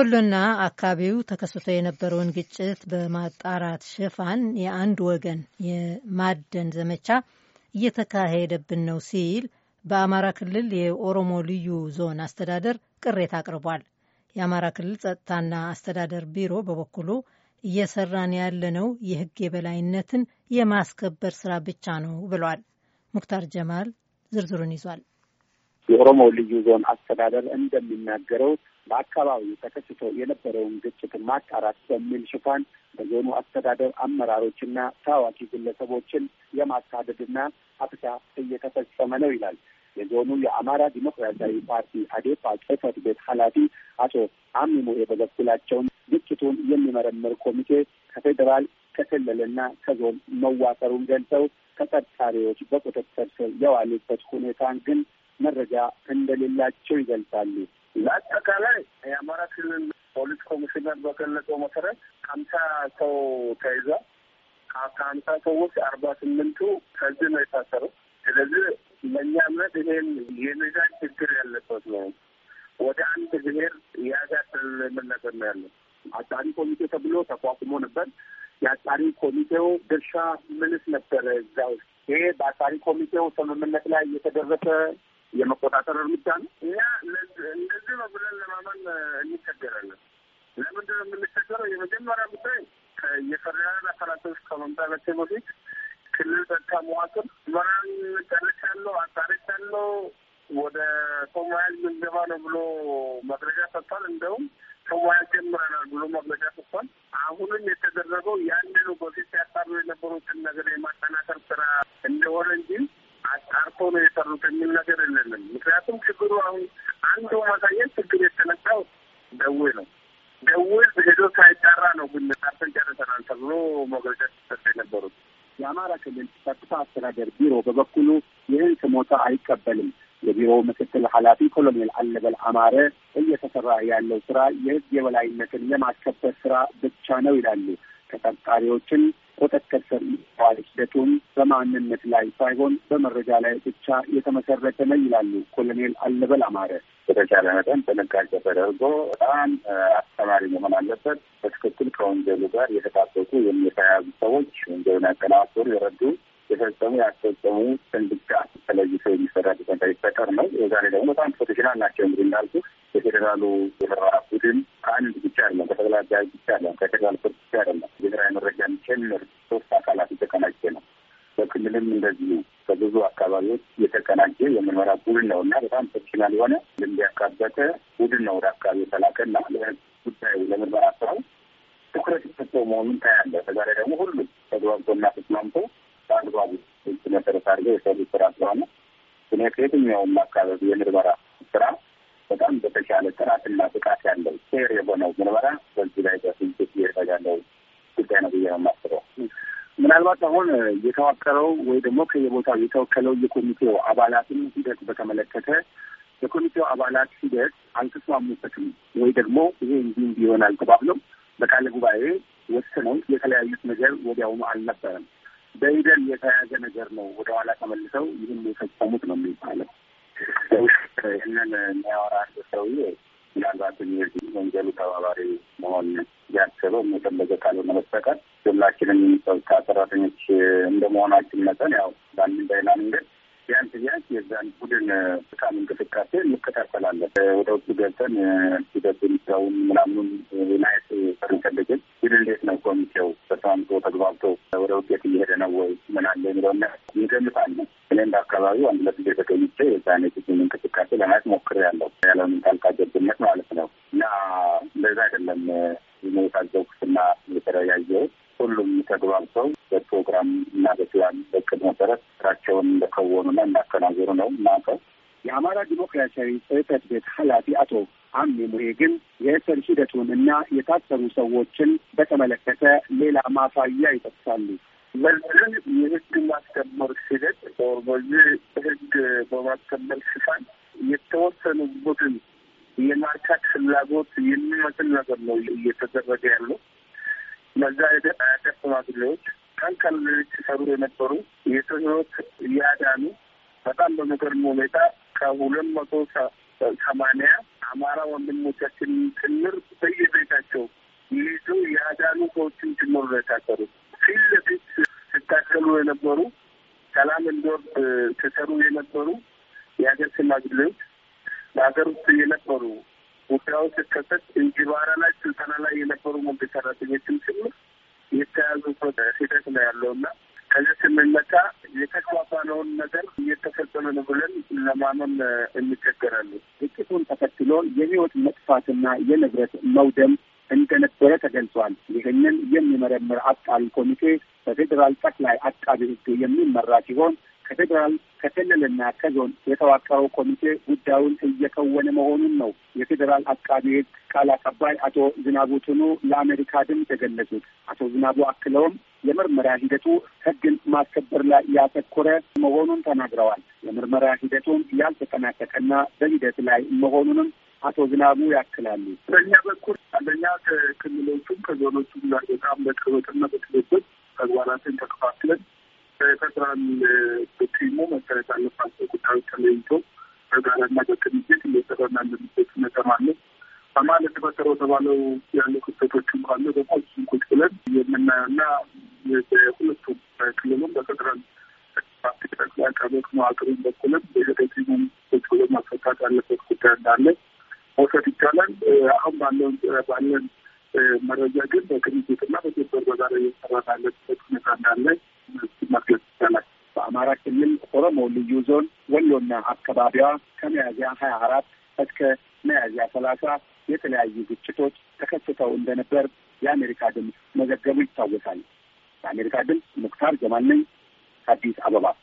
በወሎና አካባቢው ተከስቶ የነበረውን ግጭት በማጣራት ሽፋን የአንድ ወገን የማደን ዘመቻ እየተካሄደብን ነው ሲል በአማራ ክልል የኦሮሞ ልዩ ዞን አስተዳደር ቅሬታ አቅርቧል። የአማራ ክልል ጸጥታና አስተዳደር ቢሮ በበኩሉ እየሰራን ያለነው የሕግ የበላይነትን የማስከበር ስራ ብቻ ነው ብሏል። ሙክታር ጀማል ዝርዝሩን ይዟል። የኦሮሞ ልዩ ዞን አስተዳደር እንደሚናገረው በአካባቢው ተከስቶ የነበረውን ግጭት ማጣራት በሚል ሽፋን በዞኑ አስተዳደር አመራሮችና ታዋቂ ግለሰቦችን የማሳደድና አፍታ እየተፈጸመ ነው ይላል የዞኑ የአማራ ዲሞክራሲያዊ ፓርቲ አዴፓ ጽህፈት ቤት ኃላፊ አቶ አሚሙ የበበኩላቸውን ግጭቱን የሚመረምር ኮሚቴ ከፌዴራል ከክልልና ከዞን መዋቀሩን ገልጸው ተጠርጣሪዎች በቁጥጥር ስር የዋሉበት ሁኔታን ግን መረጃ እንደሌላቸው ይገልጻሉ። በአጠቃላይ የአማራ ክልል ፖሊስ ኮሚሽነር በገለጸው መሰረት ሀምሳ ሰው ተይዟል። ከሀምሳ ሰዎች አርባ ስምንቱ ከዚህ ነው የታሰሩ። ስለዚህ ለእኛ እምነት ይሄን የሚዛን ችግር ያለበት ነው። ወደ አንድ ብሔር ያጋድል የምን ነው ያለው። አጣሪ ኮሚቴ ተብሎ ተቋቁሞ ነበር። የአጣሪ ኮሚቴው ድርሻ ምንስ ነበረ እዛ ውስጥ? ይሄ በአጣሪ ኮሚቴው ስምምነት ላይ የተደረሰ የመቆጣጠር እርምጃ ነው። እኛ ያለው ወደ ሶማያዝ ምንገባ ነው ብሎ መግለጫ ሰጥቷል። እንደውም ሶማያዝ ጀምረናል ብሎ መግለጫ ሰጥቷል። አሁንም የተደረገው ያንኑ በፊት ሲያጣሩ የነበሩትን ነገር የማጠናከር ስራ እንደሆነ እንጂ አጣርቶ ነው የሰሩት የሚል ነገር የለንም። ምክንያቱም ችግሩ አሁን አንዱ ማሳየት ችግር የተነሳው ደዌ ነው። ደዌ ሄዶ ሳይጣራ ነው ግን ጣርተን ጨርሰናል ተብሎ መግለጫ ሲሰጥ የነበሩት የአማራ ክልል ጸጥታ አስተዳደር ቢሮ በበኩሉ ይህን ስሞታ አይቀበልም። የቢሮው ምክትል ኃላፊ ኮሎኔል አለበል አማረ እየተሰራ ያለው ስራ የህግ የበላይነትን የማስከበር ስራ ብቻ ነው ይላሉ። ተጠርጣሪዎችን ቁጥጥር ስር ዋል ሂደቱን በማንነት ላይ ሳይሆን በመረጃ ላይ ብቻ የተመሰረተ ነው ይላሉ ኮሎኔል አለበል አማረ። በተቻለ መጠን ጥንቃቄ ተደርጎ በጣም አስተማሪ መሆን አለበት። በትክክል ከወንጀሉ ጋር የተጣበቁ የሚተያዙ ሰዎች ወንጀሉን ያቀናበሩ የረዱ የፈጸሙ ያስፈጸሙ ስንድጋ ተለይቶ የሚሰራበት ነገር ይፈጠር ነው። የዛሬ ደግሞ በጣም ፕሮፌሽናል ናቸው። እንግዲህ እንዳልኩ የፌዴራሉ የምርመራ ቡድን ከአንድ ብቻ አይደለም፣ ከጠቅላይ ብቻ አይደለም፣ ከፌዴራል ፍርድ ብቻ አይደለም አይደለም። ሶስት አካላት የተቀናጀ ነው። በክልልም እንደዚሁ በብዙ አካባቢዎች የተቀናጀ የምርመራ ቡድን ነው እና በጣም ፕሮፌሽናል የሆነ ልምድ ያካበተ ቡድን ነው ወደ አካባቢ የተላከና ጉዳዩ ለምርመራ ስራው ትኩረት የተሰጠው መሆኑን ታያለ። ከዛ ላይ ደግሞ ሁሉም ተግባብቶና ተስማምቶ በአግባቡ ህግ መሰረት አድርገው የሰሩ ስራ ስለሆነ እኔ ከየትኛውም አካባቢ የምርመራ ስራ በጣም በተሻለ ጥራትና ብቃት ያለው ሴር የሆነው ምርመራ በዚህ ላይ በፊንት እየተጋለው ጉዳይ ነው ብዬ ነው የማስበው። ምናልባት አሁን የተዋቀረው ወይ ደግሞ ከየቦታው የተወከለው የኮሚቴው አባላትን ሂደት በተመለከተ የኮሚቴው አባላት ሂደት አልተስማሙበትም ወይ ደግሞ ይሄ እንዲህ እንዲሆን አልተባብለው በቃለ ጉባኤ ወስነው የተለያዩት ነገር ወዲያውኑ አልነበረም። በሂደል የተያዘ ነገር ነው። ወደ ኋላ ተመልሰው ይህን የፈጸሙት ነው የሚባለው። ይህንን የሚያወራ አንድ ሰውዬ ምናልባት ወንጀሉ ተባባሪ መሆን ያሰበው የፈለገ ካልሆነ በስተቀር ሁላችንም ሰብካ ሰራተኞች እንደመሆናችን መጠን ያው በአንድም በሌላ መንገድ ቢያንስ ቢያንስ የዛን ቡድን ስቃም እንቅስቃሴ እንከታተላለን። ወደ ውጭ ገብተን ሂደቱን ሰውን ምናምኑን ማየት ስንፈልግን ግን እንዴት ነው ኮሚቴው ተስማምቶ ተግባብቶ ወደ ውጤት እየሄደ ነው ወይ ምናለ አለ የሚለውን እንገምታለን። እኔ እንደ አካባቢው አንድ ሁለት ጊዜ የዛ አይነት የችግኝ እንቅስቃሴ ለማየት ሞክሬያለሁ። ያለውን ጣልቃ ገብነት ማለት ነው እና እንደዛ አይደለም የታዘብኩትና የተረያየሁት ሁሉም ተግባብተው በፕሮግራም እና በሲዋን በቅድ መሰረት ስራቸውን እንደከወኑና እንዳከናዘሩ ነው ማቀው። የአማራ ዲሞክራሲያዊ ጽህፈት ቤት ኃላፊ አቶ አሚ ሙሄ ግን የእስር ሂደቱን እና የታሰሩ ሰዎችን በተመለከተ ሌላ ማሳያ ይጠቅሳሉ። በዚህ የህግ ማስከበር ሂደት በዚህ ህግ በማስከበር ሽፋን የተወሰኑ ቡድን የማርካት ፍላጎት የሚመስል ነገር ነው እየተደረገ ያለው። በዛ ሂደት አያቀር ሽማግሌዎች ቀን ቀን ሌሊት ሲሰሩ የነበሩ የሰው ህይወት እያዳኑ በጣም በሚገርም ሁኔታ ከሁለት መቶ ሰማንያ አማራ ወንድሞቻችን ጭምር በየቤታቸው ይዞ የአዳኑ ሰዎችን ጭምር ነው የታሰሩት። ፊት ለፊት ሲታከሉ የነበሩ ሰላም እንዲወርድ ሲሰሩ የነበሩ የሀገር ሽማግሌዎች በሀገር ውስጥ የነበሩ ጉዳዩ ሲከሰት እንጅባራ ላይ ስልጠና ላይ የነበሩ መንግስት ሰራተኞችም ጭምር የተያዙበት ሂደት ነው ያለው እና ከዚህ ስንመጣ የተግባባነውን ነገር እየተፈጸመ ነው ብለን ለማመን እንቸገራለን። ግጭቱን ተከትሎ የህይወት መጥፋትና የንብረት መውደም እንደነበረ ተገልጿል። ይህንን የሚመረምር አጣሪ ኮሚቴ በፌዴራል ጠቅላይ አቃቢ ሕግ የሚመራ ሲሆን ከፌዴራል ከክልልና ከዞን የተዋቀረው ኮሚቴ ጉዳዩን እየከወነ መሆኑን ነው የፌዴራል አቃቢ ሕግ ቃል አቀባይ አቶ ዝናቡ ቱኑ ለአሜሪካ ድምፅ የገለጹት። አቶ ዝናቡ አክለውም የምርመራ ሂደቱ ሕግን ማስከበር ላይ ያተኮረ መሆኑን ተናግረዋል። የምርመራ ሂደቱን ያልተጠናቀቀና በሂደት ላይ መሆኑንም አቶ ዝናቡ ያክላሉ። በእኛ በኩል አንደኛ ከክልሎቹም ከዞኖቹም ጋር በጣም በቅርበትና በትብብር ተግባራትን ተከፋፍለን በፌደራል በቲሙ መሰረት ያለባቸው ጉዳዮች ተለይቶ በጋራና በቅንጅት እየሰራና እንደሚበት ነጠማለን። በማል የተፈጠረው ተባለው ያሉ ክፍተቶችም ካለ ደግሞ እሱን ቁጭ ብለን የምናየውና በሁለቱም በክልሉም በፌደራል ጠቅላይ አቃቤ ሕግ መዋቅሩን በኩልም በሂደት ቁጭ ብለን ማስፈታት ያለበት ጉዳይ እንዳለ መውሰድ ይቻላል። አሁን ባለን ባለን መረጃ ግን በቅንጅትና በትብብር በጋራ እየተሰራ ያለበት ሁኔታ እንዳለ መግለጽ ይቻላል። በአማራ ክልል ኦሮሞ ልዩ ዞን ወሎና አካባቢዋ ከሚያዝያ ሀያ አራት እስከ ሚያዝያ ሰላሳ የተለያዩ ግጭቶች ተከስተው እንደነበር የአሜሪካ ድምፅ መዘገቡ ይታወሳል። የአሜሪካ ድምፅ ሙክታር ጀማል ነኝ ከአዲስ አበባ።